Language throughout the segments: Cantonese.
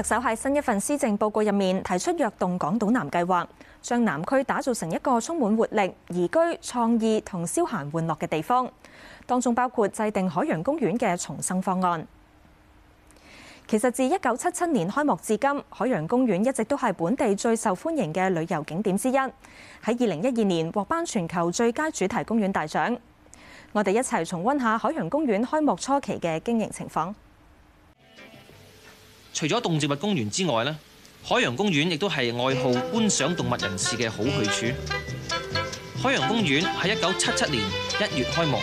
特首喺新一份施政報告入面提出躍動港島南計劃，將南區打造成一個充滿活力、宜居、創意同消閒玩樂嘅地方。當中包括制定海洋公園嘅重生方案。其實自一九七七年開幕至今，海洋公園一直都係本地最受歡迎嘅旅遊景點之一。喺二零一二年獲頒全球最佳主題公園大獎。我哋一齊重温下海洋公園開幕初期嘅經營情況。除咗動植物公園之外咧，海洋公園亦都係愛好觀賞動物人士嘅好去處。海洋公園喺一九七七年一月開幕，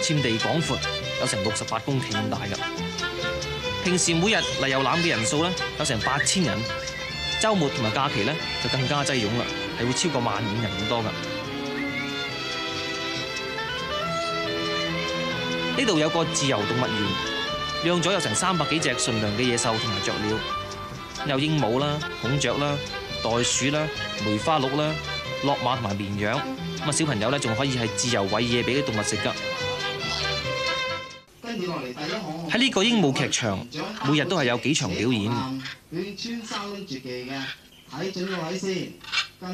佔地廣闊，有成六十八公頃咁大噶。平時每日嚟遊覽嘅人數咧有成八千人，周末同埋假期呢就更加擠擁啦，係會超過萬五人咁多噶。呢度有個自由動物園。養咗有成三百幾隻純良嘅野獸同埋雀鳥，有鸚鵡啦、孔雀啦、袋鼠啦、梅花鹿啦、駱馬同埋綿羊。咁啊，小朋友咧仲可以係自由餵嘢俾啲動物食噶。跟住落嚟，大家好。喺呢個鸚鵡劇場，每日都係有幾場表演。你穿衫絕技嘅，睇準個位先。呢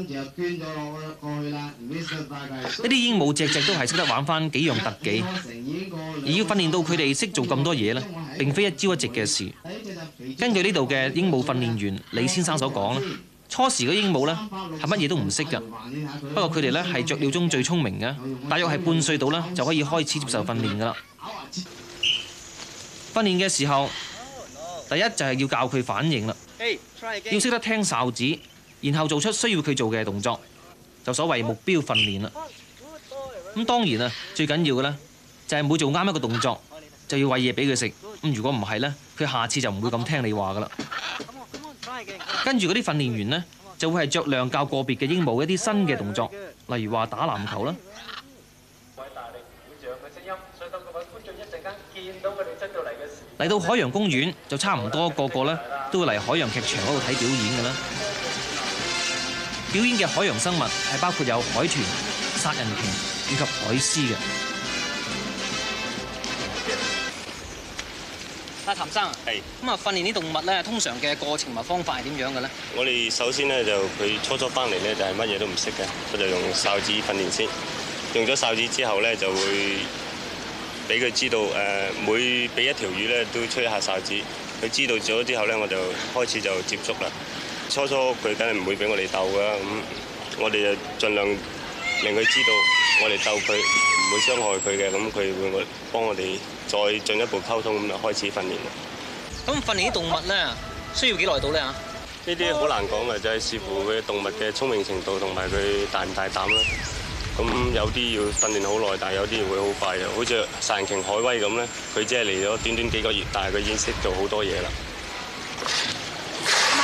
啲鸚鵡隻隻都係識得玩返幾樣特技，而要訓練到佢哋識做咁多嘢呢，並非一朝一夕嘅事。根據呢度嘅鸚鵡訓練員李先生所講呢，初時嘅鸚鵡呢係乜嘢都唔識噶，不過佢哋呢係雀鳥中最聰明嘅，大約係半歲度呢就可以開始接受訓練噶啦。訓練嘅時候，第一就係要教佢反應啦，hey, try 要識得聽哨子。然後做出需要佢做嘅動作，就所謂目標訓練啦。咁當然啊，最緊要嘅咧就係每做啱一個動作，就要餵嘢俾佢食。咁如果唔係咧，佢下次就唔會咁聽你話噶啦。跟住嗰啲訓練員呢，就會係着量較個別嘅鸚鵡一啲新嘅動作，例如話打籃球啦。嚟到海洋公園就差唔多個個咧，都會嚟海洋劇場嗰度睇表演噶啦。表演嘅海洋生物係包括有海豚、殺人鯨以及海獅嘅。阿譚生，係咁啊！訓練啲動物咧，通常嘅過程同方法係點樣嘅咧？我哋首先咧就佢初初翻嚟咧就係乜嘢都唔識嘅，我就用哨子訓練先。用咗哨子之後咧就會俾佢知道誒，每俾一條魚咧都吹一下哨子。佢知道咗之後咧，我就開始就接觸啦。初初佢梗係唔會俾我哋鬥㗎，咁我哋就盡量令佢知道我他，我哋鬥佢唔會傷害佢嘅，咁佢會我幫我哋再進一步溝通，咁就開始訓練啦。咁訓練啲動物咧，需要幾耐到咧嚇？呢啲好難講嘅，就係視乎佢啲動物嘅聰明程度同埋佢大唔大膽啦。咁有啲要訓練好耐，但係有啲會好快嘅，好似殺人鯨海威咁咧，佢只係嚟咗短短幾個月，但係佢已經識做好多嘢啦。